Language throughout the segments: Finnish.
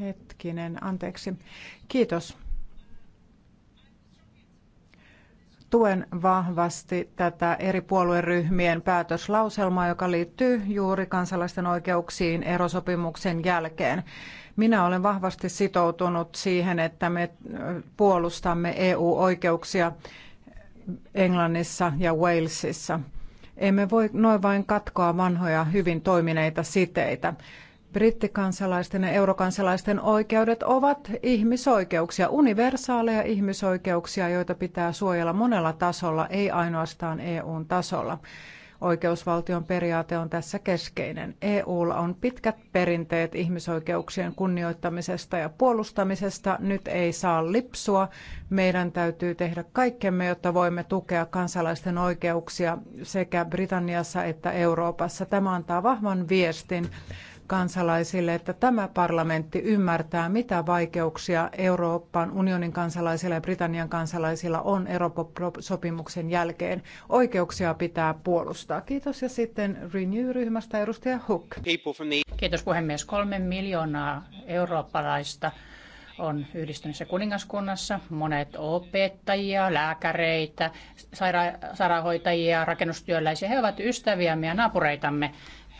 Hetkinen, anteeksi. Kiitos. Tuen vahvasti tätä eri puolueryhmien päätöslauselmaa, joka liittyy juuri kansalaisten oikeuksiin erosopimuksen jälkeen. Minä olen vahvasti sitoutunut siihen, että me puolustamme EU-oikeuksia Englannissa ja Walesissa. Emme voi noin vain katkoa vanhoja hyvin toimineita siteitä. Brittikansalaisten ja eurokansalaisten oikeudet ovat ihmisoikeuksia, universaaleja ihmisoikeuksia, joita pitää suojella monella tasolla, ei ainoastaan EUn tasolla. Oikeusvaltion periaate on tässä keskeinen. EUlla on pitkät perinteet ihmisoikeuksien kunnioittamisesta ja puolustamisesta. Nyt ei saa lipsua. Meidän täytyy tehdä kaikkemme, jotta voimme tukea kansalaisten oikeuksia sekä Britanniassa että Euroopassa. Tämä antaa vahvan viestin kansalaisille, että tämä parlamentti ymmärtää, mitä vaikeuksia Euroopan unionin kansalaisilla ja Britannian kansalaisilla on Euroopan-sopimuksen jälkeen. Oikeuksia pitää puolustaa. Kiitos ja sitten Renew-ryhmästä edustaja Hook. Kiitos puhemies. Kolme miljoonaa eurooppalaista on yhdistyneessä kuningaskunnassa. Monet opettajia, lääkäreitä, saira- sairaanhoitajia, rakennustyöläisiä, he ovat ystäviämme ja naapureitamme.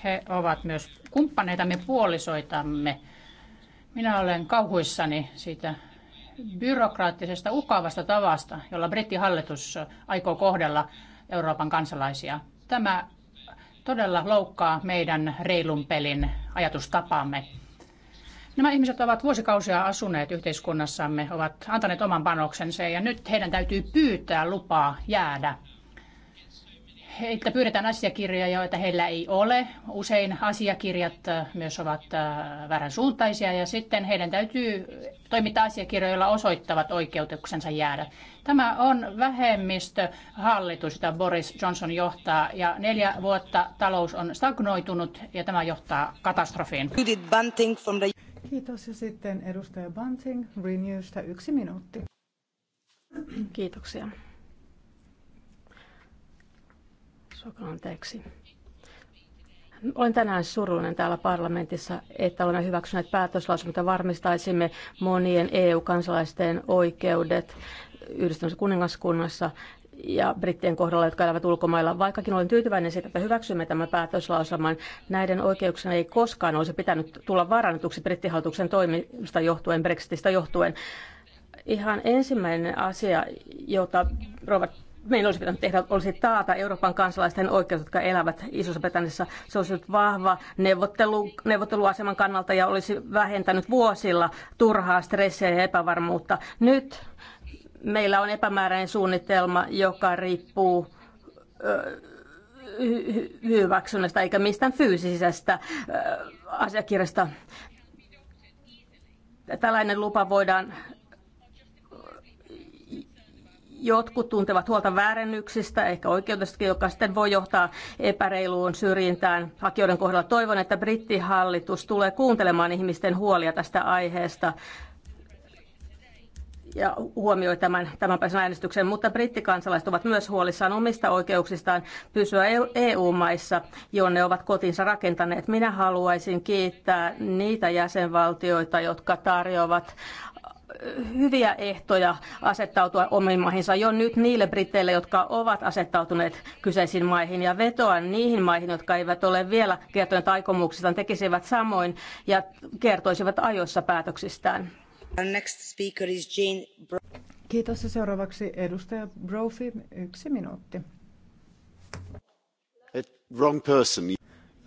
He ovat myös kumppaneitamme, puolisoitamme. Minä olen kauhuissani siitä byrokraattisesta ukavasta tavasta, jolla brittihallitus aikoo kohdella Euroopan kansalaisia. Tämä todella loukkaa meidän reilun pelin ajatustapaamme. Nämä ihmiset ovat vuosikausia asuneet yhteiskunnassamme, ovat antaneet oman panoksensa ja nyt heidän täytyy pyytää lupaa jäädä että pyydetään asiakirjoja, joita heillä ei ole. Usein asiakirjat äh, myös ovat äh, väärän suuntaisia ja sitten heidän täytyy toimittaa asiakirjoja, joilla osoittavat oikeutuksensa jäädä. Tämä on vähemmistöhallitus, jota Boris Johnson johtaa ja neljä vuotta talous on stagnoitunut ja tämä johtaa katastrofiin. Kiitos ja sitten edustaja Bunting Renewstä yksi minuutti. Kiitoksia. anteeksi. Olen tänään surullinen täällä parlamentissa, että olemme hyväksyneet päätöslausumat varmistaisimme monien EU-kansalaisten oikeudet yhdistyneessä kuningaskunnassa ja brittien kohdalla, jotka elävät ulkomailla. Vaikkakin olen tyytyväinen siitä, että hyväksymme tämän päätöslausuman, näiden oikeuksien ei koskaan olisi pitänyt tulla varannetuksi brittihallituksen toimista johtuen, Brexitistä johtuen. Ihan ensimmäinen asia, jota Robert meidän olisi pitänyt tehdä, olisi taata Euroopan kansalaisten oikeudet, jotka elävät isossa britanniassa Se olisi ollut vahva neuvottelu, neuvotteluaseman kannalta ja olisi vähentänyt vuosilla turhaa stressiä ja epävarmuutta. Nyt meillä on epämääräinen suunnitelma, joka riippuu hyväksynnästä eikä mistään fyysisestä ö, asiakirjasta. Tällainen lupa voidaan Jotkut tuntevat huolta väärennyksistä, ehkä oikeudestakin, joka sitten voi johtaa epäreiluun syrjintään hakijoiden kohdalla. Toivon, että brittihallitus tulee kuuntelemaan ihmisten huolia tästä aiheesta ja huomioi tämän, tämän päivän äänestyksen, mutta brittikansalaiset ovat myös huolissaan omista oikeuksistaan pysyä EU-maissa, e jonne ovat kotinsa rakentaneet. Minä haluaisin kiittää niitä jäsenvaltioita, jotka tarjoavat hyviä ehtoja asettautua omiin maihinsa jo nyt niille briteille, jotka ovat asettautuneet kyseisiin maihin ja vetoa niihin maihin, jotka eivät ole vielä kertoneet aikomuksistaan, tekisivät samoin ja kertoisivat ajoissa päätöksistään. next speaker is Jane Kiitos ja seuraavaksi edustaja Brophy, yksi minuutti. Eh, wrong person.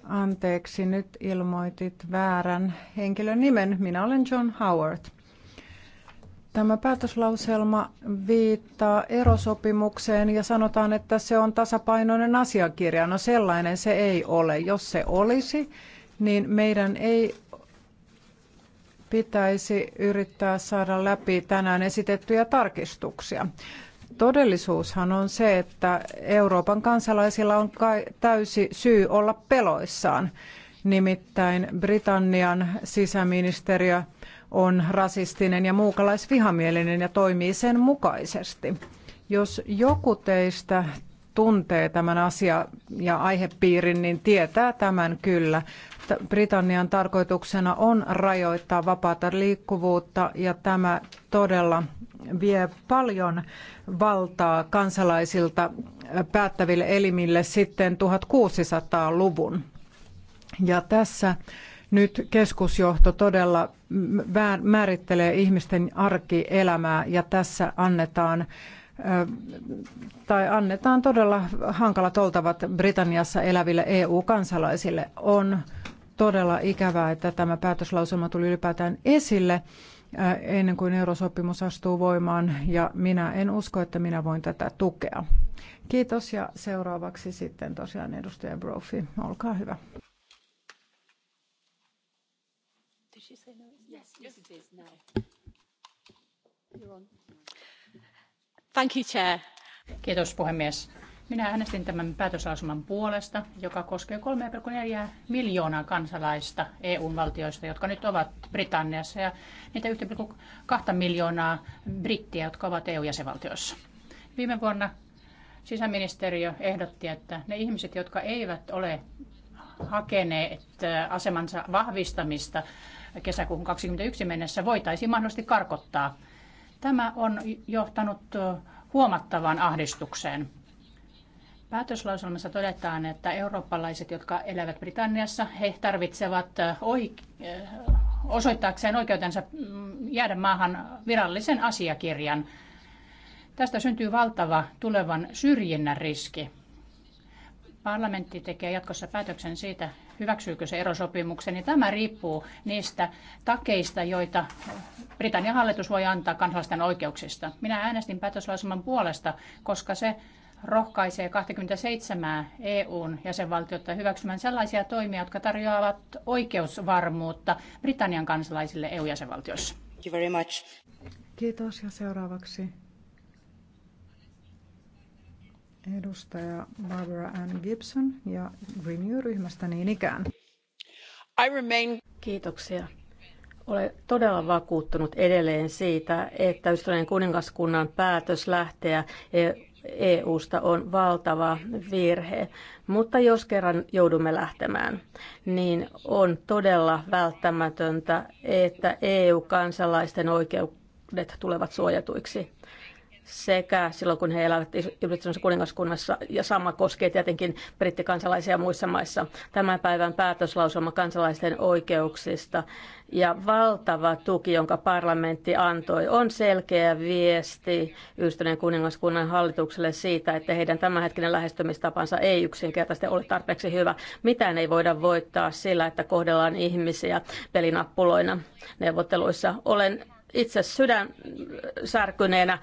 Anteeksi, nyt ilmoitit väärän henkilön nimen. Minä olen John Howard. Tämä päätöslauselma viittaa erosopimukseen ja sanotaan, että se on tasapainoinen asiakirja. No sellainen se ei ole. Jos se olisi, niin meidän ei pitäisi yrittää saada läpi tänään esitettyjä tarkistuksia. Todellisuushan on se, että Euroopan kansalaisilla on täysi syy olla peloissaan. Nimittäin Britannian sisäministeriö on rasistinen ja muukalaisvihamielinen ja toimii sen mukaisesti. Jos joku teistä tuntee tämän asia ja aihepiirin, niin tietää tämän kyllä. Britannian tarkoituksena on rajoittaa vapaata liikkuvuutta ja tämä todella vie paljon valtaa kansalaisilta päättäville elimille sitten 1600-luvun. Ja tässä nyt keskusjohto todella määrittelee ihmisten arkielämää ja tässä annetaan tai annetaan todella hankalat oltavat Britanniassa eläville EU-kansalaisille. On todella ikävää, että tämä päätöslauselma tuli ylipäätään esille ennen kuin eurosopimus astuu voimaan ja minä en usko, että minä voin tätä tukea. Kiitos ja seuraavaksi sitten tosiaan edustaja Brophy, olkaa hyvä. she say no? Yes, yes, it is now. You're on. Thank you, Chair. Kiitos puhemies. Minä äänestin tämän päätöslausuman puolesta, joka koskee 3,4 miljoonaa kansalaista EU-valtioista, jotka nyt ovat Britanniassa ja niitä 1,2 miljoonaa brittiä, jotka ovat EU-jäsenvaltioissa. Viime vuonna sisäministeriö ehdotti, että ne ihmiset, jotka eivät ole hakeneet äh, asemansa vahvistamista, kesäkuuhun 21 mennessä voitaisiin mahdollisesti karkottaa. Tämä on johtanut huomattavaan ahdistukseen. Päätöslauselmassa todetaan, että eurooppalaiset, jotka elävät Britanniassa, he tarvitsevat oike- osoittaakseen oikeutensa mm, jäädä maahan virallisen asiakirjan. Tästä syntyy valtava tulevan syrjinnän riski. Parlamentti tekee jatkossa päätöksen siitä, hyväksyykö se erosopimuksen, niin tämä riippuu niistä takeista, joita Britannian hallitus voi antaa kansalaisten oikeuksista. Minä äänestin päätöslausuman puolesta, koska se rohkaisee 27 EUn jäsenvaltiota hyväksymään sellaisia toimia, jotka tarjoavat oikeusvarmuutta Britannian kansalaisille EU-jäsenvaltioissa. Kiitos ja seuraavaksi edustaja Barbara Ann Gibson ja Renew-ryhmästä niin ikään. I remain... Kiitoksia. Olen todella vakuuttunut edelleen siitä, että Yhdistyneen kuningaskunnan päätös lähteä EUsta e on valtava virhe. Mutta jos kerran joudumme lähtemään, niin on todella välttämätöntä, että EU-kansalaisten oikeudet tulevat suojatuiksi sekä silloin, kun he elävät yhdistyneessä kuningaskunnassa, ja sama koskee tietenkin brittikansalaisia muissa maissa. Tämän päivän päätöslausuma kansalaisten oikeuksista ja valtava tuki, jonka parlamentti antoi, on selkeä viesti yhdistyneen kuningaskunnan hallitukselle siitä, että heidän tämänhetkinen lähestymistapansa ei yksinkertaisesti ole tarpeeksi hyvä. Mitään ei voida voittaa sillä, että kohdellaan ihmisiä pelinappuloina neuvotteluissa. Olen itse sydän särkyneenä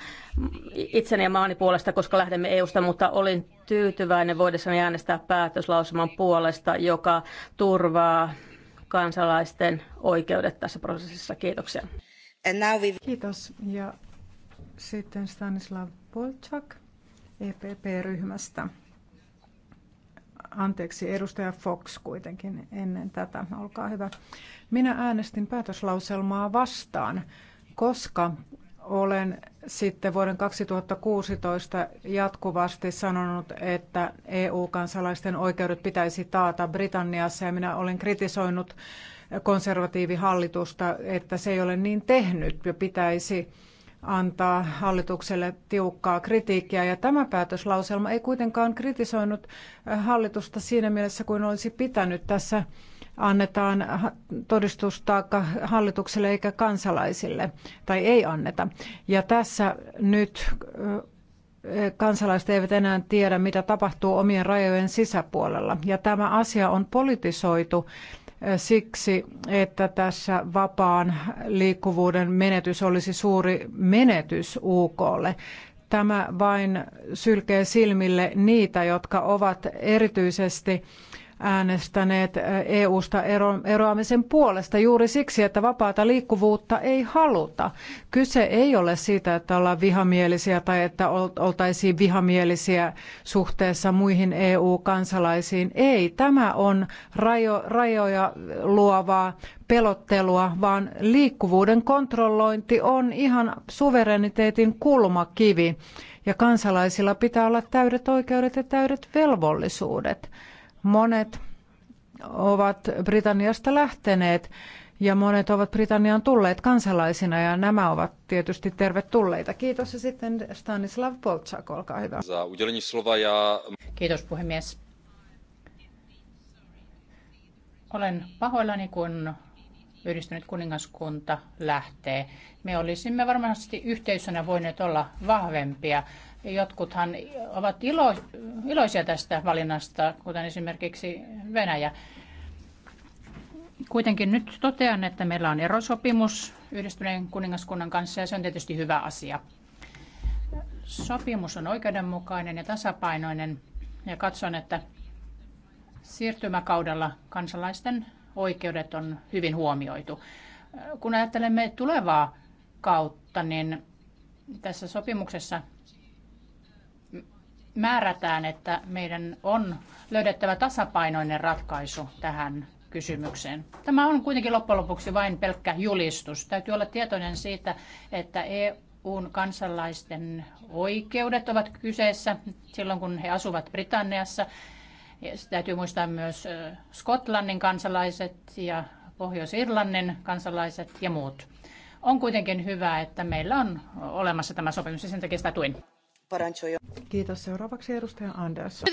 itseni ja maani puolesta, koska lähdemme EUsta, mutta olin tyytyväinen voidessani äänestää päätöslausuman puolesta, joka turvaa kansalaisten oikeudet tässä prosessissa. Kiitoksia. Kiitos. Ja sitten Stanislav Polchak EPP-ryhmästä. Anteeksi, edustaja Fox kuitenkin ennen tätä. Olkaa hyvä. Minä äänestin päätöslauselmaa vastaan koska olen sitten vuoden 2016 jatkuvasti sanonut, että EU-kansalaisten oikeudet pitäisi taata Britanniassa ja minä olen kritisoinut konservatiivihallitusta, että se ei ole niin tehnyt ja pitäisi antaa hallitukselle tiukkaa kritiikkiä. Ja tämä päätöslauselma ei kuitenkaan kritisoinut hallitusta siinä mielessä kuin olisi pitänyt tässä annetaan todistustaakka hallitukselle eikä kansalaisille, tai ei anneta. Ja tässä nyt e, kansalaiset eivät enää tiedä, mitä tapahtuu omien rajojen sisäpuolella. Ja tämä asia on politisoitu siksi, että tässä vapaan liikkuvuuden menetys olisi suuri menetys UKlle. Tämä vain sylkee silmille niitä, jotka ovat erityisesti äänestäneet EU-sta eh, e eroamisen puolesta juuri siksi, että vapaata liikkuvuutta ei haluta. Kyse ei ole siitä, että ollaan vihamielisiä tai että oltaisiin vihamielisiä suhteessa muihin EU-kansalaisiin. Ei, tämä on rajo, rajoja luovaa pelottelua, vaan liikkuvuuden kontrollointi on ihan suvereniteetin kulmakivi ja kansalaisilla pitää olla täydet oikeudet ja täydet velvollisuudet. Monet ovat Britanniasta lähteneet ja monet ovat Britanniaan tulleet kansalaisina ja nämä ovat tietysti tervetulleita. Kiitos ja sitten Stanislav Polczak, olkaa hyvä. Kiitos puhemies. Olen pahoillani, kun yhdistynyt kuningaskunta lähtee. Me olisimme varmasti yhteisönä voineet olla vahvempia. Jotkuthan ovat ilo, iloisia tästä valinnasta, kuten esimerkiksi Venäjä. Kuitenkin nyt totean, että meillä on erosopimus yhdistyneen kuningaskunnan kanssa ja se on tietysti hyvä asia. Sopimus on oikeudenmukainen ja tasapainoinen ja katson, että siirtymäkaudella kansalaisten oikeudet on hyvin huomioitu. Kun ajattelemme tulevaa kautta, niin tässä sopimuksessa määrätään, että meidän on löydettävä tasapainoinen ratkaisu tähän kysymykseen. Tämä on kuitenkin loppujen lopuksi vain pelkkä julistus. Täytyy olla tietoinen siitä, että EUn kansalaisten oikeudet ovat kyseessä silloin, kun he asuvat Britanniassa. Täytyy muistaa myös Skotlannin kansalaiset ja Pohjois-Irlannin kansalaiset ja muut. On kuitenkin hyvä, että meillä on olemassa tämä sopimus ja sen takia sitä tuin. Kiitos. Seuraavaksi edustaja Anders.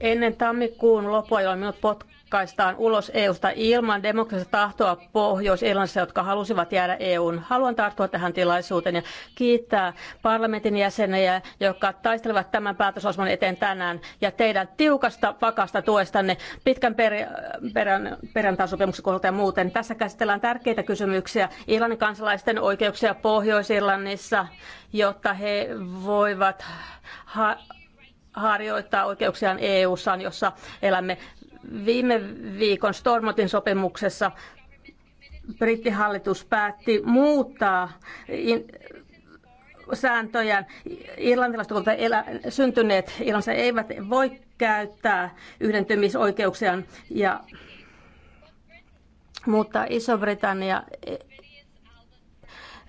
Ennen tammikuun loppua, jolloin minut pot- Kaistaan ulos EUsta ilman demokraattista tahtoa Pohjois-Irlannissa, jotka halusivat jäädä EUn. Haluan tarttua tähän tilaisuuteen ja kiittää parlamentin jäseniä, jotka taistelevat tämän päätösosman eteen tänään ja teidän tiukasta, vakasta tuestanne pitkän per, perjantain sopimuksen kohdalta ja muuten. Tässä käsitellään tärkeitä kysymyksiä Irlannin kansalaisten oikeuksia Pohjois-Irlannissa, jotta he voivat ha- harjoittaa oikeuksiaan EU-ssa, jossa elämme Viime viikon Stormotin sopimuksessa brittihallitus päätti muuttaa sääntöjä. Irlantilaiset ovat elä, syntyneet Irlannissa eivät voi käyttää yhdentymisoikeuksiaan, ja, mutta Iso-Britannia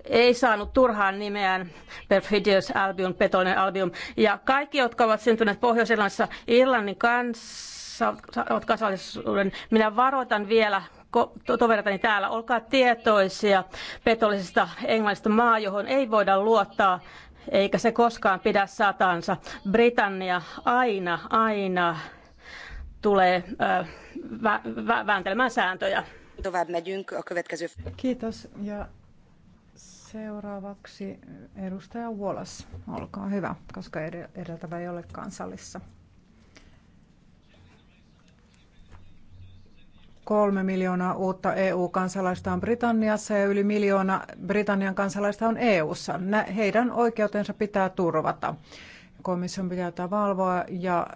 ei saanut turhaan nimeään Perfidious Albion, petoinen Albion. Ja kaikki, jotka ovat syntyneet Pohjois-Irlannissa, Irlannin kanssa, saavat kansallisuuden. Minä varoitan vielä toveritani täällä, olkaa tietoisia petollisesta englannista maa, johon ei voida luottaa eikä se koskaan pidä satansa. Britannia aina, aina tulee äh, vä- vä- vääntelemään sääntöjä. Kiitos ja seuraavaksi edustaja Wallace, olkaa hyvä, koska edeltävä ei ole kansallisessa. kolme miljoonaa uutta EU-kansalaista on Britanniassa ja yli miljoona Britannian kansalaista on EU:ssa. Heidän oikeutensa pitää turvata. Komission pitää tätä valvoa ja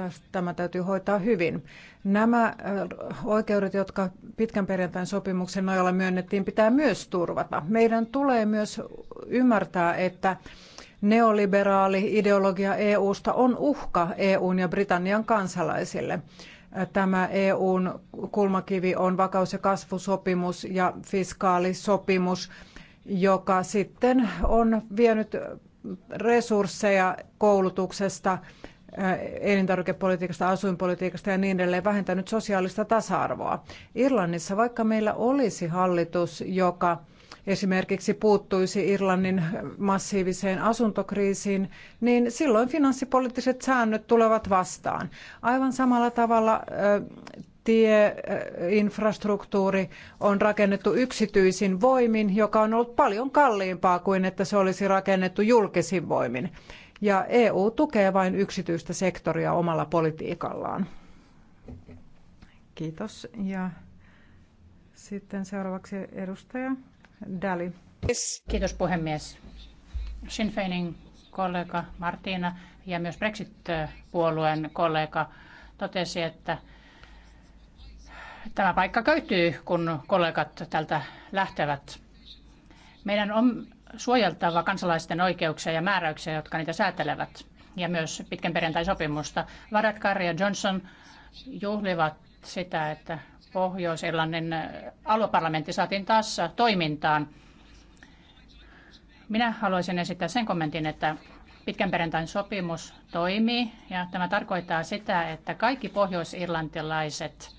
äh, tämä täytyy hoitaa hyvin. Nämä äh, oikeudet, jotka pitkän perjantain sopimuksen nojalla myönnettiin, pitää myös turvata. Meidän tulee myös ymmärtää, että neoliberaali ideologia EUsta on uhka EUn ja Britannian kansalaisille. Tämä EUn kulmakivi on vakaus- ja kasvusopimus ja fiskaalisopimus, joka sitten on vienyt resursseja koulutuksesta, eh, elintarvikepolitiikasta, asuinpolitiikasta ja niin edelleen vähentänyt sosiaalista tasa-arvoa. Irlannissa, vaikka meillä olisi hallitus, joka esimerkiksi puuttuisi Irlannin massiiviseen asuntokriisiin, niin silloin finanssipoliittiset säännöt tulevat vastaan. Aivan samalla tavalla tieinfrastruktuuri on rakennettu yksityisin voimin, joka on ollut paljon kalliimpaa kuin että se olisi rakennettu julkisin voimin. Ja EU tukee vain yksityistä sektoria omalla politiikallaan. Kiitos. Ja sitten seuraavaksi edustaja Arvoisa Kiitos puhemies. Sinn Feinin kollega Martina ja myös Brexit-puolueen kollega totesi, että tämä paikka köytyy, kun kollegat tältä lähtevät. Meidän on suojeltava kansalaisten oikeuksia ja määräyksiä, jotka niitä säätelevät, ja myös pitkän perjantai-sopimusta. Varadkar ja Johnson juhlivat sitä, että Pohjois-Irlannin äh, alueparlamentti saatiin taas äh, toimintaan. Minä haluaisin esittää sen kommentin, että pitkän perjantain sopimus toimii ja tämä tarkoittaa sitä, että kaikki pohjois pohjois-irlantilaiset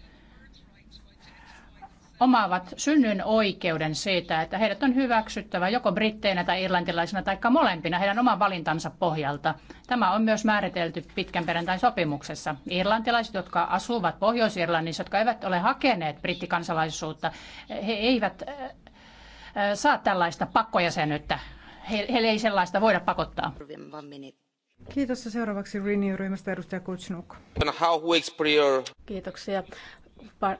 omaavat synnyn oikeuden siitä, että heidät on hyväksyttävä joko britteinä tai irlantilaisina tai molempina heidän oman valintansa pohjalta. Tämä on myös määritelty pitkän perjantain sopimuksessa. Irlantilaiset, jotka asuvat Pohjois-Irlannissa, jotka eivät ole hakeneet brittikansalaisuutta, he eivät äh, äh, saa tällaista pakkojäsenyyttä. Heille ei sellaista voida pakottaa. Kiitos seuraavaksi Renew-ryhmästä edustaja Kutsnuk. Kiitoksia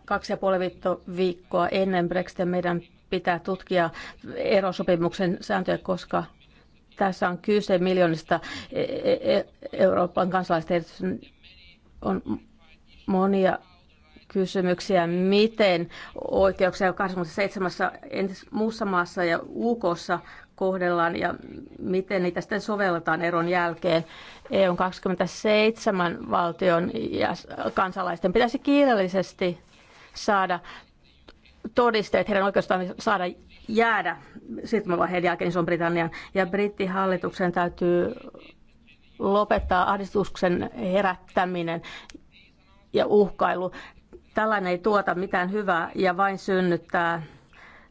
kaksi ja puoli viikkoa ennen Brexitin meidän pitää tutkia erosopimuksen sääntöjä, koska tässä on kyse miljoonista e- e- e- Euroopan kansalaisista. On monia kysymyksiä, miten oikeuksia 27 muussa maassa ja UKssa kohdellaan ja miten niitä sitten sovelletaan eron jälkeen. EUn 27 valtion ja kansalaisten pitäisi kiireellisesti saada todisteet heidän oikeastaan saada jäädä siirtymävaiheen jälkeen Ison-Britannian. Ja brittihallituksen täytyy lopettaa ahdistuksen herättäminen ja uhkailu. Tällainen ei tuota mitään hyvää ja vain synnyttää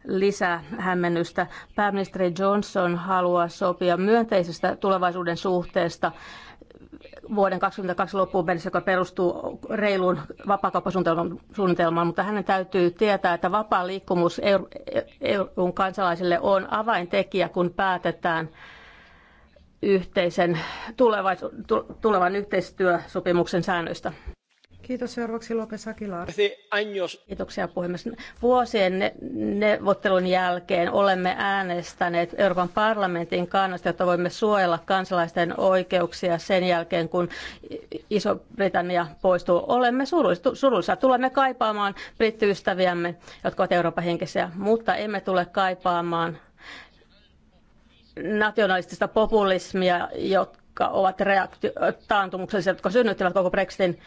lisää hämmennystä. Pääministeri Johnson haluaa sopia myönteisestä tulevaisuuden suhteesta vuoden 2022 loppuun mennessä, joka perustuu reiluun vapaakauppasuunnitelmaan, mutta hänen täytyy tietää, että vapaa liikkumus EUn kansalaisille on avaintekijä, kun päätetään yhteisen tulevan yhteistyösopimuksen säännöistä. Kiitos seuraavaksi Lope Sakilaar. Kiitoksia puhemies. Vuosien neuvottelun jälkeen olemme äänestäneet Euroopan parlamentin kannasta, jotta voimme suojella kansalaisten oikeuksia sen jälkeen, kun Iso-Britannia poistuu. Olemme surullisia. Tulemme kaipaamaan brittiystäviämme, jotka ovat Euroopan henkisiä, mutta emme tule kaipaamaan nationalistista populismia, jotka ovat reaktio- taantumuksellisia, jotka synnyttivät koko Brexitin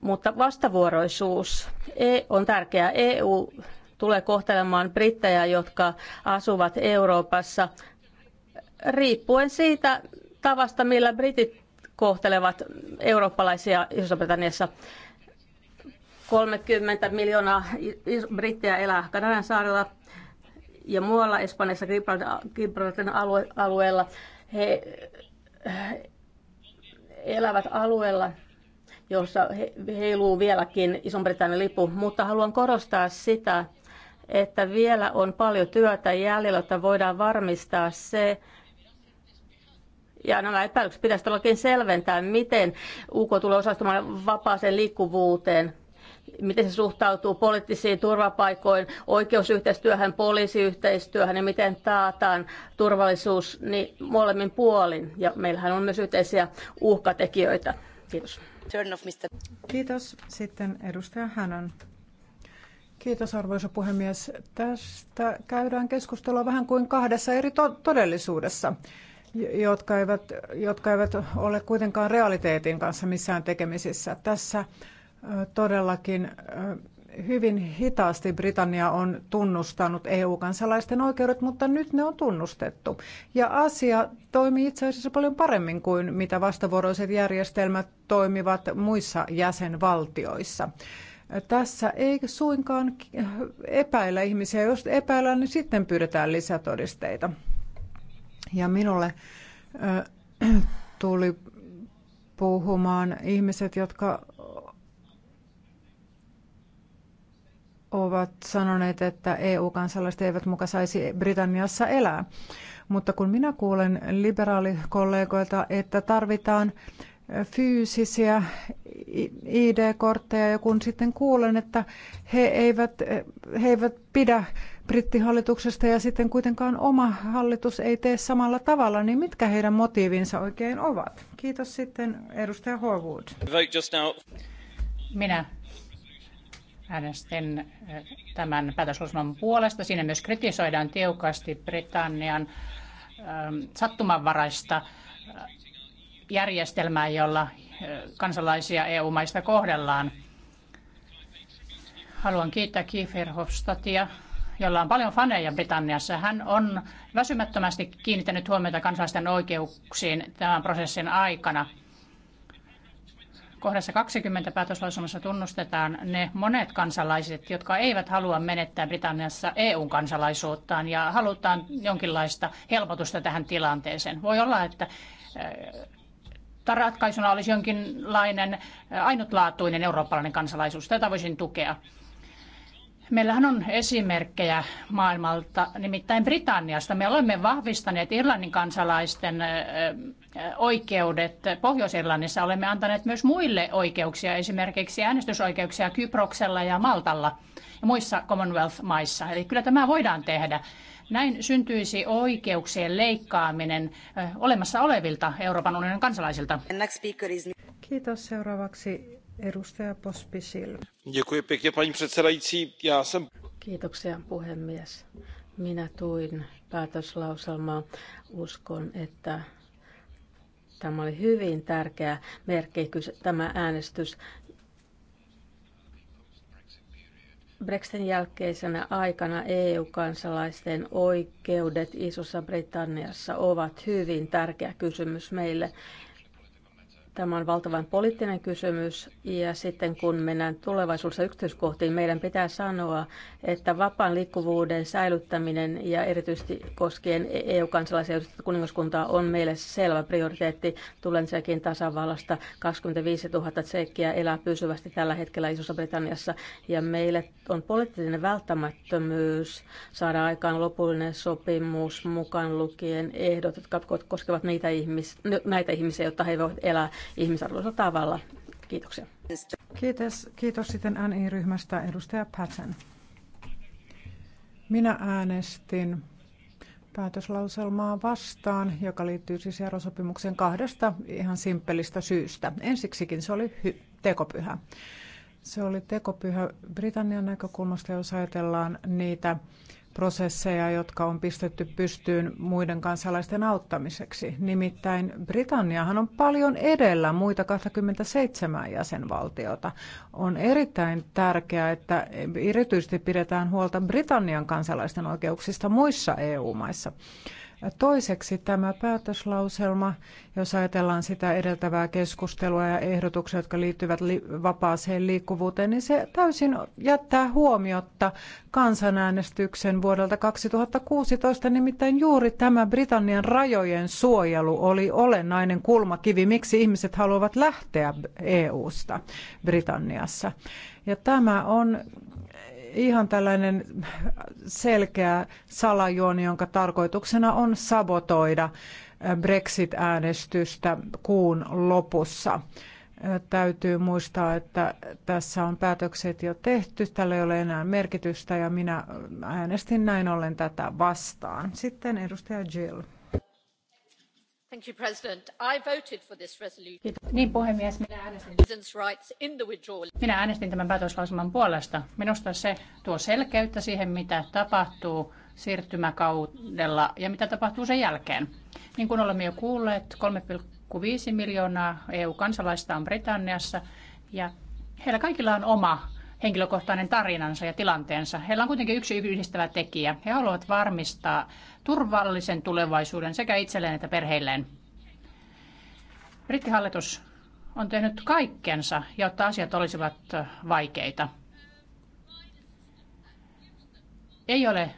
mutta vastavuoroisuus e on tärkeää. EU tulee kohtelemaan brittejä, jotka asuvat Euroopassa, riippuen siitä tavasta, millä britit kohtelevat eurooppalaisia Iso-Britanniassa. 30 miljoonaa brittiä elää Kanadan saarella ja muualla Espanjassa Gibraltarin alue, alueella. He elävät alueella, jossa heiluu vieläkin Ison-Britannian lippu, mutta haluan korostaa sitä, että vielä on paljon työtä jäljellä, että voidaan varmistaa se, ja nämä epäilykset pitäisi todellakin selventää, miten UK tulee osallistumaan vapaaseen liikkuvuuteen, miten se suhtautuu poliittisiin turvapaikoihin, oikeusyhteistyöhön, poliisiyhteistyöhön ja miten taataan turvallisuus niin molemmin puolin. Ja meillähän on myös yhteisiä uhkatekijöitä. Kiitos turn Mr. Kiitos. Sitten edustaja Hänon. Kiitos arvoisa puhemies. Tästä käydään keskustelua vähän kuin kahdessa eri to- todellisuudessa, jotka eivät, jotka eivät ole kuitenkaan realiteetin kanssa missään tekemisissä. Tässä todellakin hyvin hitaasti Britannia on tunnustanut EU-kansalaisten oikeudet, mutta nyt ne on tunnustettu. Ja asia toimii itse asiassa paljon paremmin kuin mitä vastavuoroiset järjestelmät toimivat muissa jäsenvaltioissa. Tässä ei suinkaan epäillä ihmisiä. Jos epäillään, niin sitten pyydetään lisätodisteita. Ja minulle tuli puhumaan ihmiset, jotka ovat sanoneet, että EU-kansalaiset eivät muka saisi Britanniassa elää. Mutta kun minä kuulen liberaalikollegoilta, että tarvitaan fyysisiä ID-kortteja ja kun sitten kuulen, että he eivät, he eivät pidä brittihallituksesta ja sitten kuitenkaan oma hallitus ei tee samalla tavalla, niin mitkä heidän motiivinsa oikein ovat? Kiitos sitten edustaja Horwood. Minä äänestin tämän päätöslausuman puolesta. Siinä myös kritisoidaan tiukasti Britannian sattumanvaraista järjestelmää, jolla kansalaisia EU-maista kohdellaan. Haluan kiittää Kiefer Hofstadtia, jolla on paljon faneja Britanniassa. Hän on väsymättömästi kiinnittänyt huomiota kansalaisten oikeuksiin tämän prosessin aikana – Kohdassa 20 päätöslauselmassa tunnustetaan ne monet kansalaiset, jotka eivät halua menettää Britanniassa EU-kansalaisuuttaan ja halutaan jonkinlaista helpotusta tähän tilanteeseen. Voi olla, että ratkaisuna olisi jonkinlainen ainutlaatuinen eurooppalainen kansalaisuus. Tätä voisin tukea. Meillähän on esimerkkejä maailmalta, nimittäin Britanniasta. Me olemme vahvistaneet Irlannin kansalaisten oikeudet Pohjois-Irlannissa. Olemme antaneet myös muille oikeuksia, esimerkiksi äänestysoikeuksia Kyproksella ja Maltalla ja muissa Commonwealth-maissa. Eli kyllä tämä voidaan tehdä. Näin syntyisi oikeuksien leikkaaminen olemassa olevilta Euroopan unionin kansalaisilta. Kiitos. Seuraavaksi paní předsedající já jsem. Kiitoksia puhemies. Minä tuin päätöslauselmaa. Uskon, että tämä oli hyvin tärkeä merkki, tämä äänestys. Brexitin jälkeisenä aikana EU-kansalaisten oikeudet Isossa Britanniassa ovat hyvin tärkeä kysymys meille. Tämä on valtavan poliittinen kysymys ja sitten kun mennään tulevaisuudessa yksityiskohtiin, meidän pitää sanoa, että vapaan liikkuvuuden säilyttäminen ja erityisesti koskien EU-kansalaisia kuningaskuntaa on meille selvä prioriteetti. Tulen sekin tasavallasta. 25 000 tsekkiä elää pysyvästi tällä hetkellä Isossa Britanniassa ja meille on poliittinen välttämättömyys saada aikaan lopullinen sopimus mukaan lukien ehdot, jotka koskevat niitä ihmis- näitä ihmisiä, jotta he voivat elää ihmisarvoisella tavalla. Kiitoksia. Kiitos, kiitos sitten NI-ryhmästä edustaja Patsen. Minä äänestin päätöslauselmaa vastaan, joka liittyy siis erosopimuksen kahdesta ihan simppelistä syystä. Ensiksikin se oli hy- tekopyhä. Se oli tekopyhä Britannian näkökulmasta, jos ajatellaan niitä prosesseja, jotka on pistetty pystyyn muiden kansalaisten auttamiseksi. Nimittäin Britanniahan on paljon edellä muita 27 jäsenvaltiota. On erittäin tärkeää, että erityisesti pidetään huolta Britannian kansalaisten oikeuksista muissa EU-maissa. Toiseksi tämä päätöslauselma, jos ajatellaan sitä edeltävää keskustelua ja ehdotuksia, jotka liittyvät li- vapaaseen liikkuvuuteen, niin se täysin jättää huomiotta kansanäänestyksen vuodelta 2016. Nimittäin juuri tämä Britannian rajojen suojelu oli olennainen kulmakivi, miksi ihmiset haluavat lähteä EU-sta Britanniassa. Ja tämä on ihan tällainen selkeä salajuoni, jonka tarkoituksena on sabotoida Brexit-äänestystä kuun lopussa. Täytyy muistaa, että tässä on päätökset jo tehty, tällä ei ole enää merkitystä ja minä äänestin näin ollen tätä vastaan. Sitten edustaja Jill. Kiitos. Niin minä äänestin. minä äänestin tämän päätöslauselman puolesta. Minusta se tuo selkeyttä siihen, mitä tapahtuu siirtymäkaudella ja mitä tapahtuu sen jälkeen. Niin kuin olemme jo kuulleet, 3,5 miljoonaa EU-kansalaista on Britanniassa ja heillä kaikilla on oma henkilökohtainen tarinansa ja tilanteensa. Heillä on kuitenkin yksi yhdistävä tekijä. He haluavat varmistaa turvallisen tulevaisuuden sekä itselleen että perheilleen. Brittihallitus on tehnyt kaikkensa, jotta asiat olisivat vaikeita. Ei ole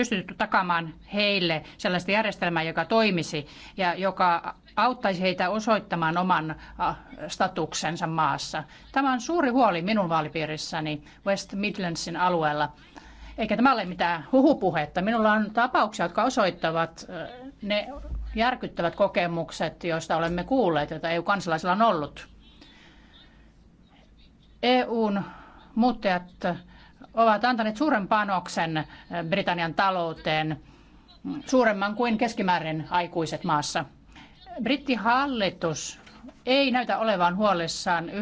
pystytty takamaan heille sellaista järjestelmää, joka toimisi ja joka auttaisi heitä osoittamaan oman äh, statuksensa maassa. Tämä on suuri huoli minun vaalipiirissäni West Midlandsin alueella. Eikä tämä ole mitään huhupuhetta. Minulla on tapauksia, jotka osoittavat äh, ne järkyttävät kokemukset, joista olemme kuulleet, joita EU-kansalaisilla on ollut. EUn muuttajat ovat antaneet suuren panoksen eh, Britannian talouteen, suuremman kuin keskimäärin aikuiset maassa. Brittihallitus ei näytä olevan huolissaan 1,2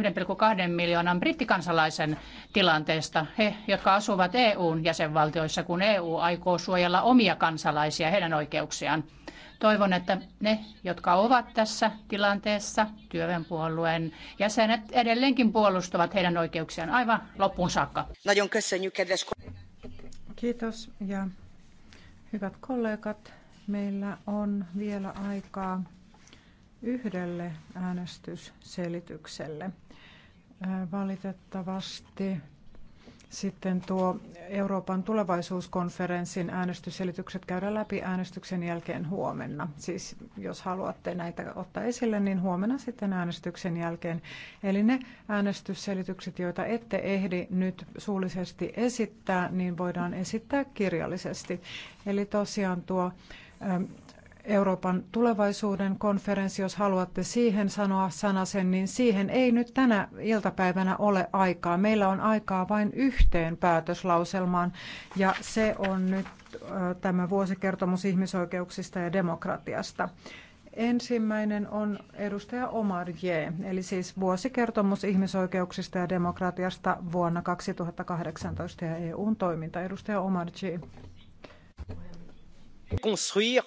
miljoonan brittikansalaisen tilanteesta, he, jotka asuvat EUn jäsenvaltioissa, kun EU aikoo suojella omia kansalaisia heidän oikeuksiaan. Toivon, että ne, jotka ovat tässä tilanteessa, työvenpuolueen jäsenet, edelleenkin puolustavat heidän oikeuksiaan aivan loppuun saakka. Kiitos ja hyvät kollegat, meillä on vielä aikaa yhdelle äänestysselitykselle. Valitettavasti sitten tuo Euroopan tulevaisuuskonferenssin äänestysselitykset käydään läpi äänestyksen jälkeen huomenna. Siis jos haluatte näitä ottaa esille, niin huomenna sitten äänestyksen jälkeen. Eli ne äänestysselitykset, joita ette ehdi nyt suullisesti esittää, niin voidaan esittää kirjallisesti. Eli tosiaan tuo ähm, Euroopan tulevaisuuden konferenssi, jos haluatte siihen sanoa sanasen, niin siihen ei nyt tänä iltapäivänä ole aikaa. Meillä on aikaa vain yhteen päätöslauselmaan ja se on nyt tämä vuosikertomus ihmisoikeuksista ja demokratiasta. Ensimmäinen on edustaja Omar J, eli siis vuosikertomus ihmisoikeuksista ja demokratiasta vuonna 2018 ja EUn toiminta. Edustaja Omar J. Construire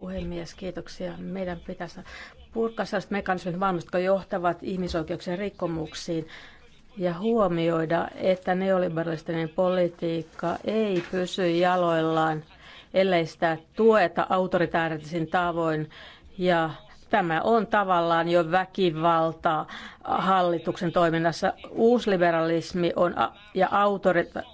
Puhemies, kiitoksia. Meidän pitäisi purkaa sellaiset mekanismit maailmasta, jotka johtavat ihmisoikeuksien rikkomuksiin ja huomioida, että neoliberalistinen politiikka ei pysy jaloillaan, ellei sitä tueta autoritäärisen tavoin ja Tämä on tavallaan jo väkivaltaa hallituksen toiminnassa. Uusliberalismi on, ja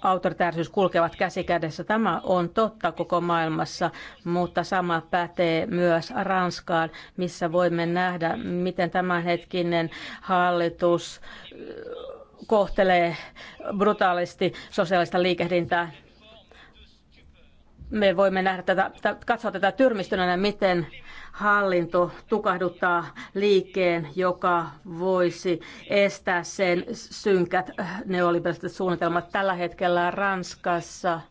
autoritäärsyys kulkevat käsi kädessä. Tämä on totta koko maailmassa, mutta sama pätee myös Ranskaan, missä voimme nähdä, miten tämänhetkinen hallitus äh, kohtelee brutaalisti sosiaalista liikehdintää me voimme nähdä tätä, katsoa tätä tyrmistyneenä, miten hallinto tukahduttaa liikkeen, joka voisi estää sen synkät äh, neoliberaaliset suunnitelmat. Tällä hetkellä Ranskassa äh,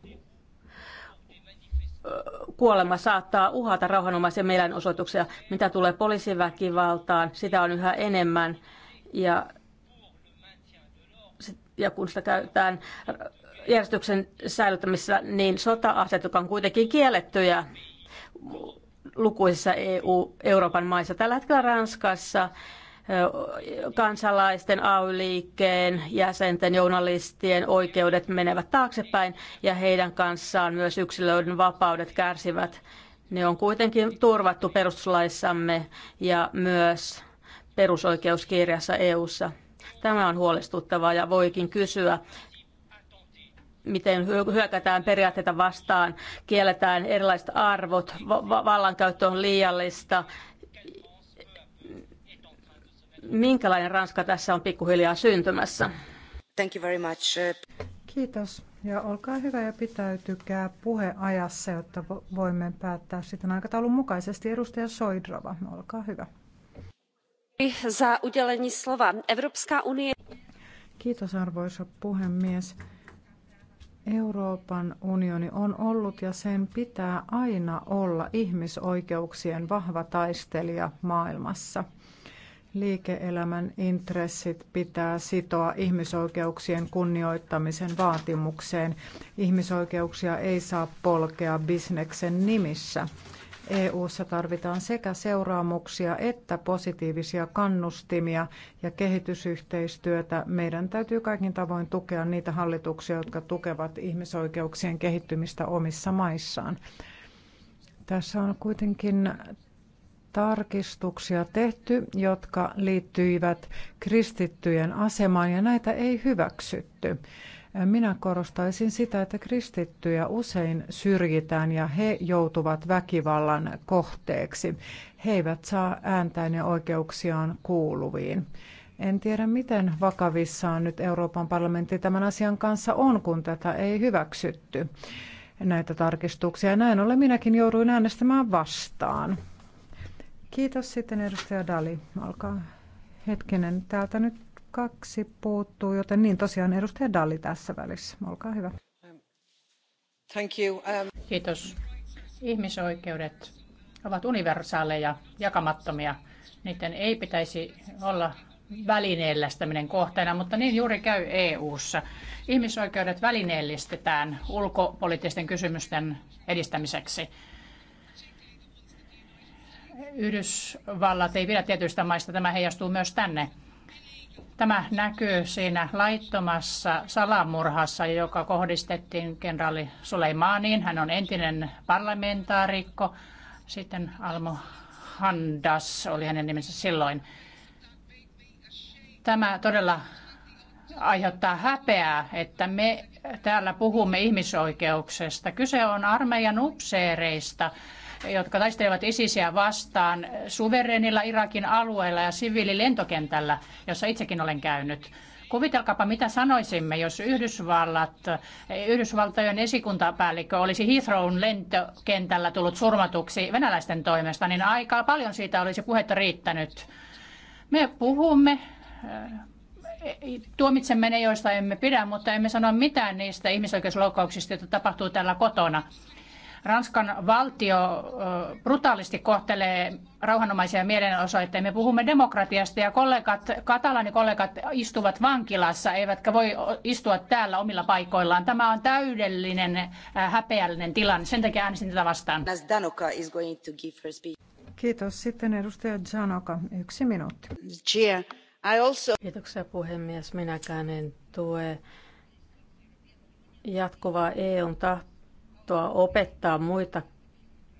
kuolema saattaa uhata rauhanomaisia mielenosoituksia. Mitä tulee poliisiväkivaltaan, sitä on yhä enemmän. Ja, ja kun sitä käytetään järjestyksen säilyttämisessä, niin sota-aseet, jotka on kuitenkin kiellettyjä, lukuisissa EU, Euroopan maissa. Tällä hetkellä Ranskassa kansalaisten, AY-liikkeen, jäsenten, journalistien oikeudet menevät taaksepäin ja heidän kanssaan myös yksilöiden vapaudet kärsivät. Ne on kuitenkin turvattu perustuslaissamme ja myös perusoikeuskirjassa EU:ssa. Tämä on huolestuttavaa ja voikin kysyä, miten hyökätään periaatteita vastaan, kielletään erilaiset arvot, va- vallankäyttö on liiallista. Minkälainen Ranska tässä on pikkuhiljaa syntymässä? Thank you very much. Kiitos. Ja olkaa hyvä ja pitäytykää puheajassa, jotta voimme päättää sitten aikataulun mukaisesti. Edustaja Soidrova, olkaa hyvä. Kiitos arvoisa puhemies. Euroopan unioni on ollut ja sen pitää aina olla ihmisoikeuksien vahva taistelija maailmassa. Liike-elämän intressit pitää sitoa ihmisoikeuksien kunnioittamisen vaatimukseen. Ihmisoikeuksia ei saa polkea bisneksen nimissä. EU:ssa tarvitaan sekä seuraamuksia että positiivisia kannustimia ja kehitysyhteistyötä. Meidän täytyy kaikin tavoin tukea niitä hallituksia, jotka tukevat ihmisoikeuksien kehittymistä omissa maissaan. Tässä on kuitenkin tarkistuksia tehty, jotka liittyivät kristittyjen asemaan ja näitä ei hyväksytty. Minä korostaisin sitä, että kristittyjä usein syrjitään ja he joutuvat väkivallan kohteeksi. He eivät saa ääntään ja oikeuksiaan kuuluviin. En tiedä, miten vakavissaan nyt Euroopan parlamentti tämän asian kanssa on, kun tätä ei hyväksytty näitä tarkistuksia. Näin ollen minäkin jouduin äänestämään vastaan. Kiitos sitten edustaja Dali. Olkaa hetkinen. Täältä nyt kaksi puuttuu, joten niin tosiaan edustaja Dalli tässä välissä. Olkaa hyvä. Thank you. Um, Kiitos. Ihmisoikeudet ovat universaaleja, jakamattomia. Niiden ei pitäisi olla välineellistäminen kohteena, mutta niin juuri käy EU:ssa. Ihmisoikeudet välineellistetään ulkopoliittisten kysymysten edistämiseksi. Yhdysvallat ei pidä tietyistä maista, tämä heijastuu myös tänne. Tämä näkyy siinä laittomassa salamurhassa, joka kohdistettiin kenraali Suleimaaniin. Hän on entinen parlamentaarikko. Sitten Almo Handas oli hänen nimensä silloin. Tämä todella aiheuttaa häpeää, että me täällä puhumme ihmisoikeuksista. Kyse on armeijan upseereista, jotka taistelevat ISISiä vastaan suvereenilla Irakin alueella ja siviililentokentällä, jossa itsekin olen käynyt. Kuvitelkaapa, mitä sanoisimme, jos Yhdysvallat, Yhdysvaltojen esikuntapäällikkö olisi Heathrown lentokentällä tullut surmatuksi venäläisten toimesta, niin aika paljon siitä olisi puhetta riittänyt. Me puhumme, tuomitsemme ne, joista emme pidä, mutta emme sano mitään niistä ihmisoikeusloukkauksista, joita tapahtuu täällä kotona. Ranskan valtio brutaalisti kohtelee rauhanomaisia mielenosoittajia. Me puhumme demokratiasta ja kollegat, katalaanikollegat istuvat vankilassa, eivätkä voi istua täällä omilla paikoillaan. Tämä on täydellinen häpeällinen tilanne. Sen takia äänestin tätä vastaan. Kiitos. Sitten edustaja Janoka, yksi minuutti. Kiitoksia puhemies. Minäkään en tue jatkuvaa EUn tahtoa tahtoa opettaa muita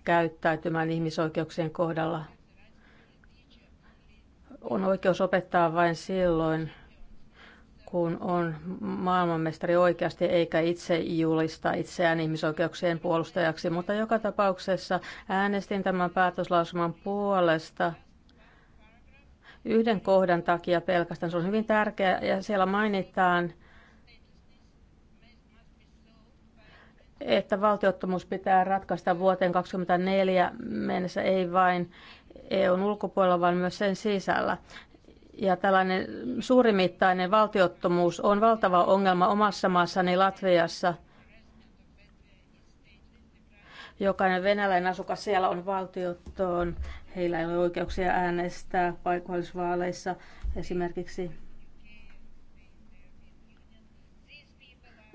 käyttäytymään ihmisoikeuksien kohdalla. On oikeus opettaa vain silloin, kun on maailmanmestari oikeasti eikä itse julista itseään ihmisoikeuksien puolustajaksi. Mutta joka tapauksessa äänestin tämän päätöslausuman puolesta yhden kohdan takia pelkästään. Se on hyvin tärkeä ja siellä mainitaan että valtiottomuus pitää ratkaista vuoteen 2024 mennessä ei vain EUn ulkopuolella, vaan myös sen sisällä. Ja tällainen suurimittainen valtiottomuus on valtava ongelma omassa maassani Latviassa. Jokainen venäläinen asukas siellä on valtiottoon. Heillä ei ole oikeuksia äänestää paikallisvaaleissa esimerkiksi.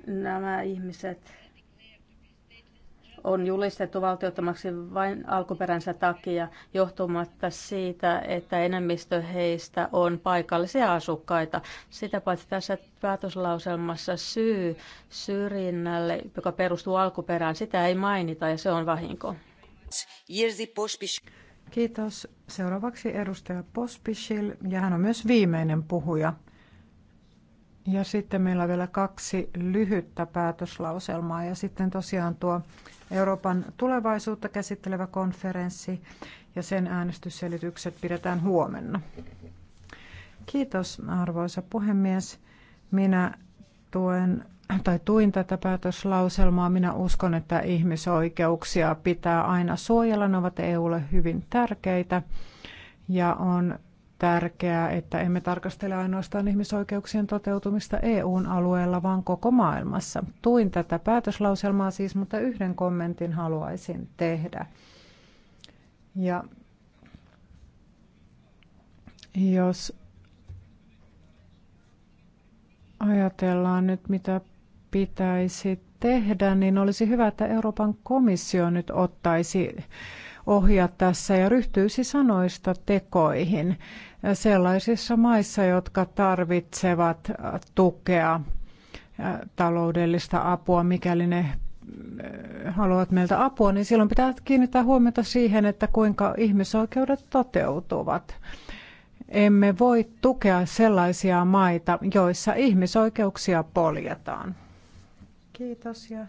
Nämä ihmiset on julistettu valtiottomaksi vain alkuperänsä takia johtumatta siitä, että enemmistö heistä on paikallisia asukkaita. Sitä paitsi tässä päätöslauselmassa syy syrjinnälle, joka perustuu alkuperään, sitä ei mainita ja se on vahinko. Kiitos. Seuraavaksi edustaja Pospisil ja hän on myös viimeinen puhuja. Ja sitten meillä on vielä kaksi lyhyttä päätöslauselmaa ja sitten tosiaan tuo Euroopan tulevaisuutta käsittelevä konferenssi ja sen äänestysselitykset pidetään huomenna. Kiitos arvoisa puhemies. Minä tuen tai tuin tätä päätöslauselmaa. Minä uskon, että ihmisoikeuksia pitää aina suojella. Ne ovat EUlle hyvin tärkeitä ja on tärkeää, että emme tarkastele ainoastaan ihmisoikeuksien toteutumista EUn alueella, vaan koko maailmassa. Tuin tätä päätöslauselmaa siis, mutta yhden kommentin haluaisin tehdä. Ja jos ajatellaan nyt, mitä pitäisi tehdä, niin olisi hyvä, että Euroopan komissio nyt ottaisi ohja tässä ja ryhtyisi sanoista tekoihin sellaisissa maissa, jotka tarvitsevat tukea, taloudellista apua, mikäli ne haluavat meiltä apua, niin silloin pitää kiinnittää huomiota siihen, että kuinka ihmisoikeudet toteutuvat. Emme voi tukea sellaisia maita, joissa ihmisoikeuksia poljetaan. Kiitos ja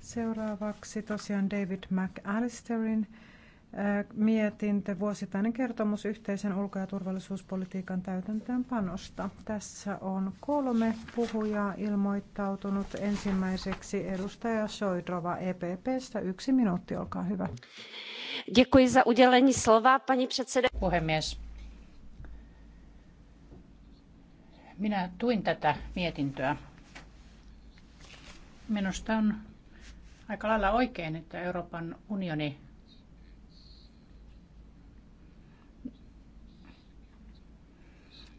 seuraavaksi tosiaan David McAllisterin mietintö, vuosittainen kertomus yhteisen ulko- ja turvallisuuspolitiikan täytäntöönpanosta. Tässä on kolme puhujaa ilmoittautunut. Ensimmäiseksi edustaja Soidrova EPPstä. Yksi minuutti, olkaa hyvä. Děkuji za udělení slova, paní předsede. Puhemies. Minä tuin tätä mietintöä. Minusta on aika lailla oikein, että Euroopan unioni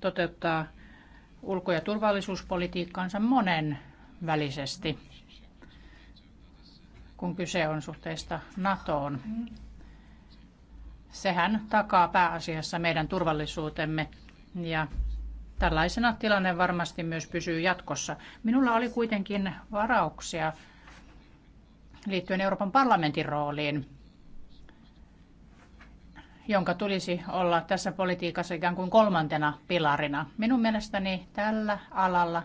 toteuttaa ulko- ja turvallisuuspolitiikkaansa monen välisesti, kun kyse on suhteesta NATOon. Sehän takaa pääasiassa meidän turvallisuutemme ja tällaisena tilanne varmasti myös pysyy jatkossa. Minulla oli kuitenkin varauksia liittyen Euroopan parlamentin rooliin jonka tulisi olla tässä politiikassa ikään kuin kolmantena pilarina. Minun mielestäni tällä alalla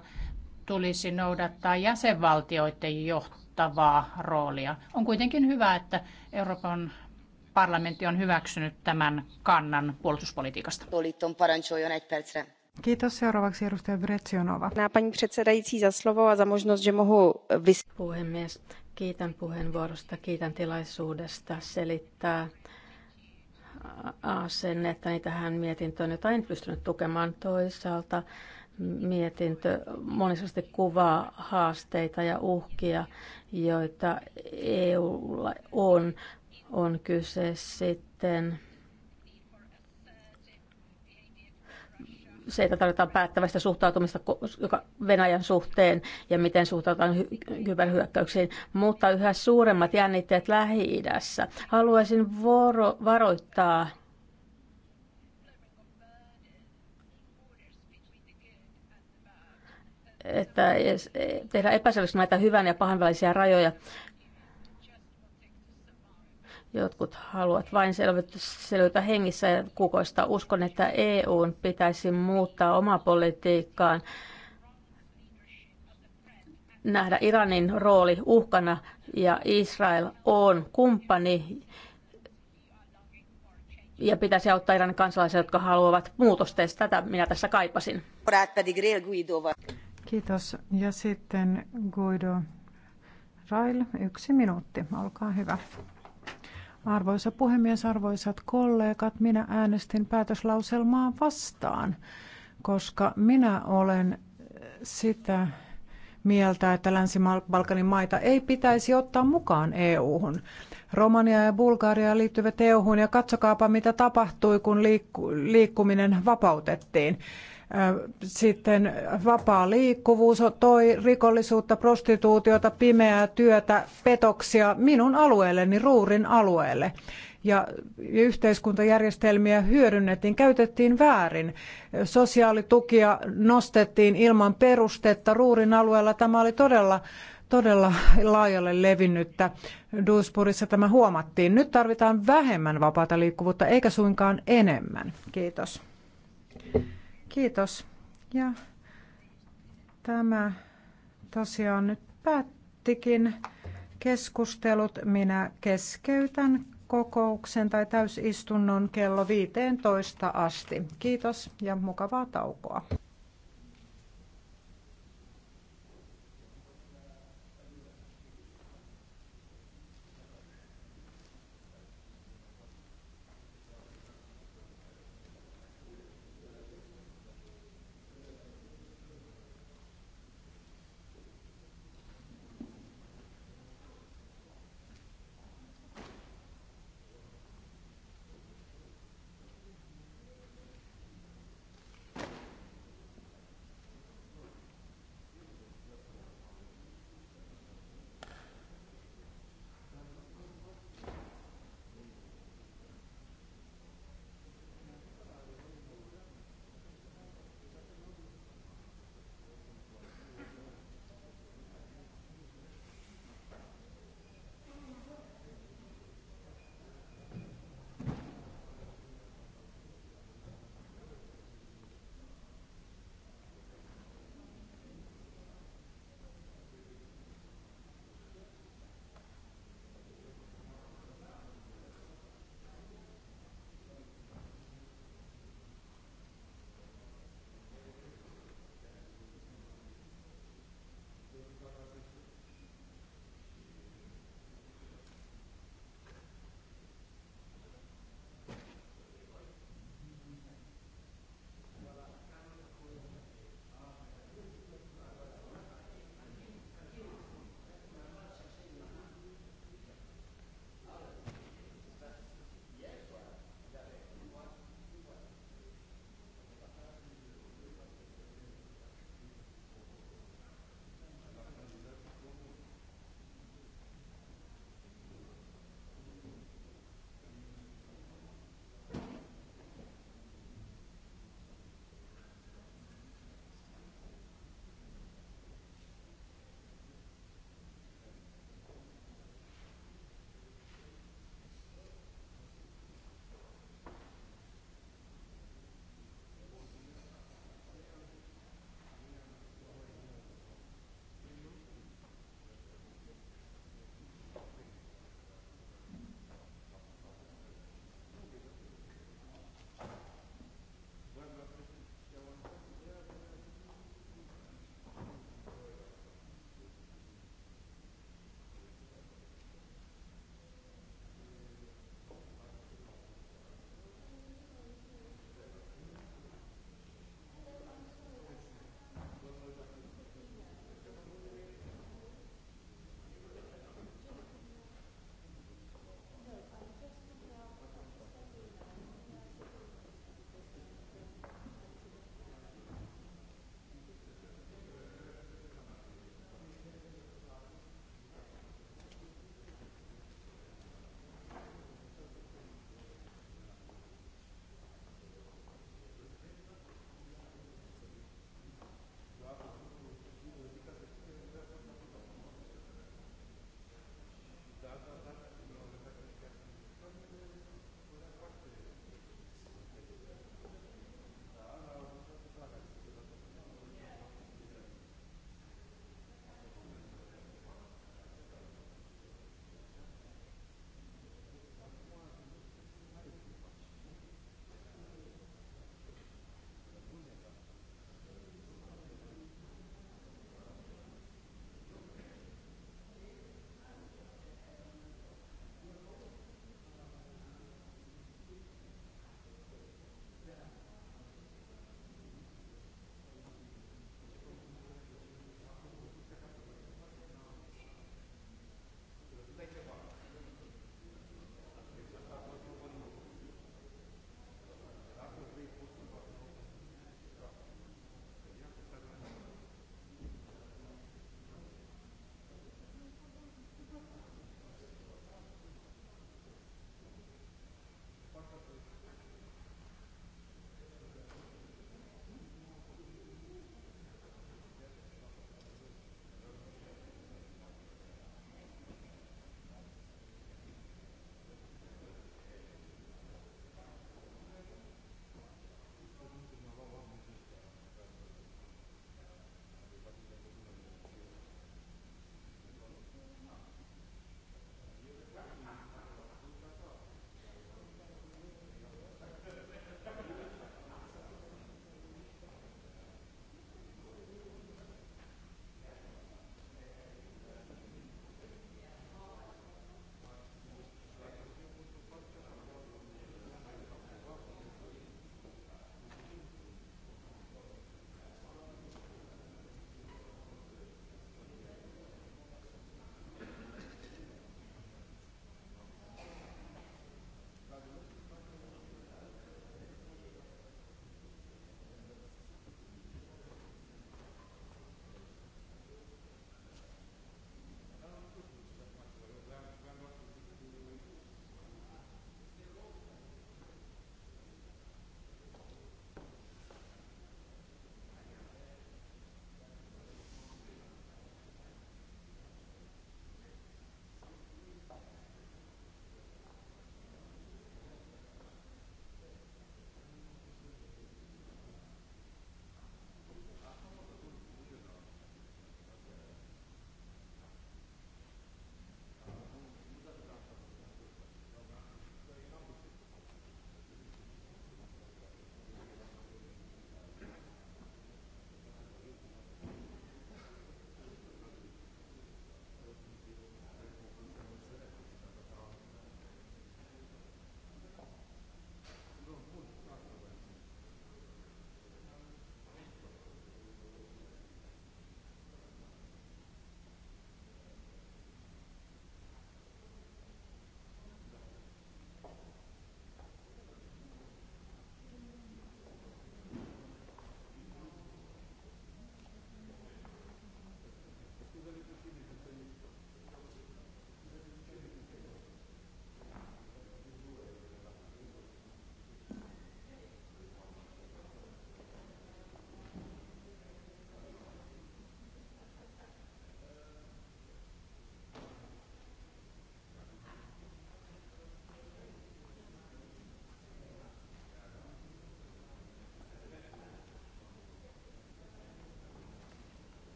tulisi noudattaa jäsenvaltioiden johtavaa roolia. On kuitenkin hyvä, että Euroopan parlamentti on hyväksynyt tämän kannan puolustuspolitiikasta. Kiitos. Seuraavaksi edustaja Bretsionova. možnost, že mohu Puhemies, kiitän puheenvuorosta, kiitän tilaisuudesta selittää asennetta, niin tähän mietintöön, jota en pystynyt tukemaan toisaalta. Mietintö monisesti kuvaa haasteita ja uhkia, joita EUlla on. On kyse sitten se, että tarvitaan päättävästä suhtautumista Venäjän suhteen ja miten suhtaudutaan hy- kyberhyökkäyksiin, mutta yhä suuremmat jännitteet Lähi-idässä. Haluaisin vuoro- varoittaa että tehdään epäselväksi näitä hyvän ja pahan välisiä rajoja Jotkut haluavat vain selvitä hengissä ja kukoista. Uskon, että EUn pitäisi muuttaa omaa politiikkaan, nähdä Iranin rooli uhkana ja Israel on kumppani ja pitäisi auttaa Iranin kansalaisia, jotka haluavat muutosta. Tätä minä tässä kaipasin. Kiitos. Ja sitten Guido Rail, yksi minuutti. Olkaa hyvä. Arvoisa puhemies, arvoisat kollegat, minä äänestin päätöslauselmaa vastaan, koska minä olen sitä mieltä, että Länsi-Balkanin maita ei pitäisi ottaa mukaan EU-hun. Romania ja Bulgaria liittyvät EU-hun ja katsokaapa mitä tapahtui, kun liikkuminen vapautettiin. Sitten vapaa liikkuvuus toi rikollisuutta, prostituutiota, pimeää työtä, petoksia minun alueelleni, Ruurin alueelle ja yhteiskuntajärjestelmiä hyödynnettiin, käytettiin väärin. Sosiaalitukia nostettiin ilman perustetta. Ruurin alueella tämä oli todella todella laajalle levinnyttä. Duisburgissa tämä huomattiin. Nyt tarvitaan vähemmän vapaata liikkuvuutta, eikä suinkaan enemmän. Kiitos. Kiitos. Ja tämä tosiaan nyt päättikin keskustelut. Minä keskeytän kokouksen tai täysistunnon kello 15 asti. Kiitos ja mukavaa taukoa.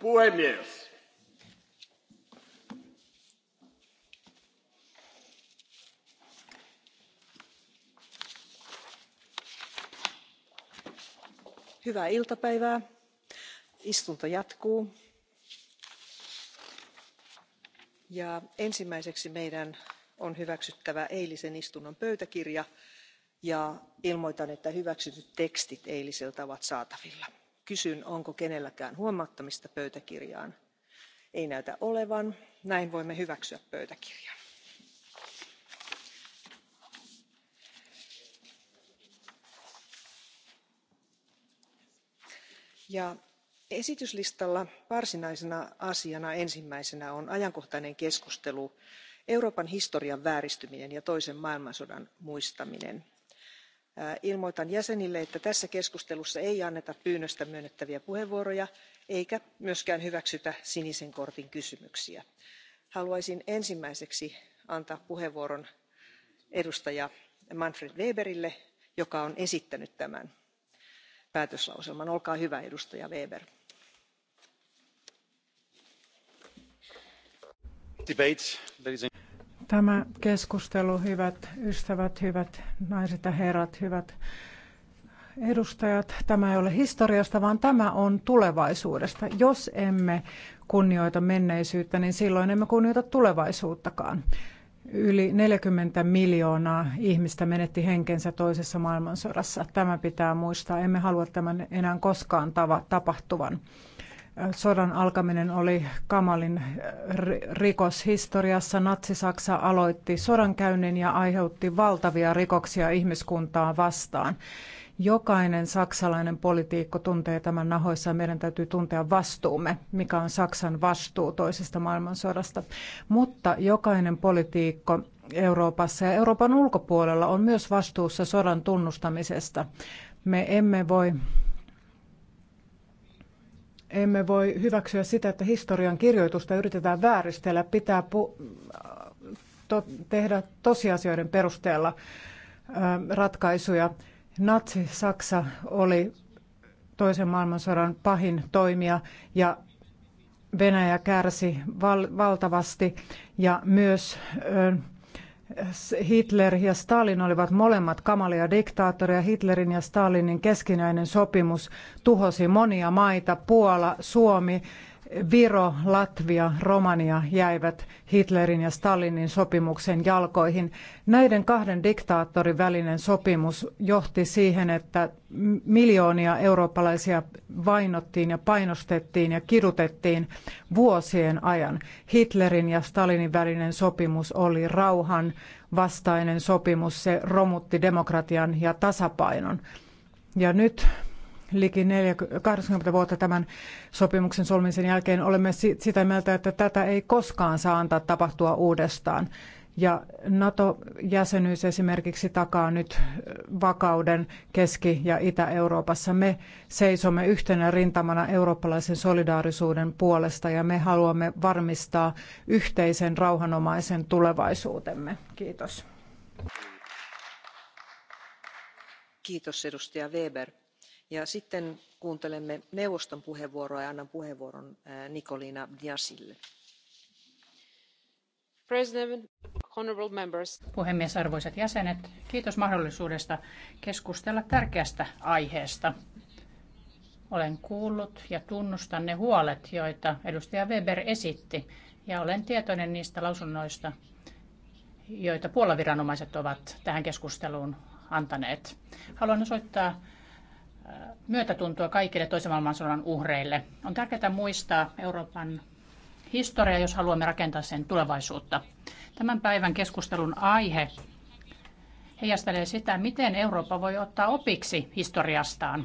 puhemies hyvää iltapäivää istunto jatkuu ja ensimmäiseksi meidän on hyväksyttävä eilisen istunnon pöytäkirja ja ilmoitan että hyväksytyt tekstit eiliseltä ovat saatavilla kysyn onko kenelläkään huomauttamista pöytäkirjaan? ei näytä olevan näin voimme hyväksyä pöytäkirjan. esityslistalla varsinaisena asiana ensimmäisenä on ajankohtainen keskustelu euroopan historian vääristyminen ja toisen maailmansodan muistaminen ilmoitan jäsenille että tässä keskustelussa ei anneta pyynnöstä myönnettäviä puheenvuoroja eikä myöskään hyväksytä sinisen kortin kysymyksiä. haluaisin ensimmäiseksi antaa puheenvuoron edustaja manfred weberille joka on esittänyt tämän päätöslauselman. olkaa hyvä edustaja weber. Tämä keskustelu, hyvät ystävät, hyvät naiset ja herrat, hyvät edustajat, tämä ei ole historiasta, vaan tämä on tulevaisuudesta. Jos emme kunnioita menneisyyttä, niin silloin emme kunnioita tulevaisuuttakaan. Yli 40 miljoonaa ihmistä menetti henkensä toisessa maailmansodassa. Tämä pitää muistaa. Emme halua tämän enää koskaan tapahtuvan sodan alkaminen oli kamalin rikos historiassa. Natsi-Saksa aloitti sodankäynnin ja aiheutti valtavia rikoksia ihmiskuntaa vastaan. Jokainen saksalainen poliitikko tuntee tämän nahoissa ja meidän täytyy tuntea vastuumme, mikä on Saksan vastuu toisesta maailmansodasta. Mutta jokainen poliitikko Euroopassa ja Euroopan ulkopuolella on myös vastuussa sodan tunnustamisesta. Me emme voi emme voi hyväksyä sitä, että historian kirjoitusta yritetään vääristellä, pitää to- tehdä tosiasioiden perusteella ratkaisuja. Natsi-Saksa oli toisen maailmansodan pahin toimija ja Venäjä kärsi val- valtavasti ja myös Hitler ja Stalin olivat molemmat kamalia diktaattoreja. Hitlerin ja Stalinin keskinäinen sopimus tuhosi monia maita, Puola, Suomi, Viro, Latvia, Romania jäivät Hitlerin ja Stalinin sopimuksen jalkoihin. Näiden kahden diktaattorin välinen sopimus johti siihen, että miljoonia eurooppalaisia vainottiin ja painostettiin ja kidutettiin vuosien ajan. Hitlerin ja Stalinin välinen sopimus oli rauhan vastainen sopimus. Se romutti demokratian ja tasapainon. Ja nyt liki 80 vuotta tämän sopimuksen solmisen jälkeen olemme sitä mieltä, että tätä ei koskaan saa antaa tapahtua uudestaan. Ja NATO-jäsenyys esimerkiksi takaa nyt vakauden Keski- ja Itä-Euroopassa. Me seisomme yhtenä rintamana eurooppalaisen solidaarisuuden puolesta ja me haluamme varmistaa yhteisen rauhanomaisen tulevaisuutemme. Kiitos. Kiitos edustaja Weber ja sitten kuuntelemme neuvoston puheenvuoroa ja annan puheenvuoron nicolina arvoisa Puhemies, arvoisat jäsenet, kiitos mahdollisuudesta keskustella tärkeästä aiheesta. Olen kuullut ja tunnustan ne huolet, joita edustaja Weber esitti, ja olen tietoinen niistä lausunnoista, joita Puolan viranomaiset ovat tähän keskusteluun antaneet. Haluan osoittaa myötätuntoa kaikille toisen maailmansodan uhreille. On tärkeää muistaa Euroopan historia, jos haluamme rakentaa sen tulevaisuutta. Tämän päivän keskustelun aihe heijastelee sitä, miten Eurooppa voi ottaa opiksi historiastaan.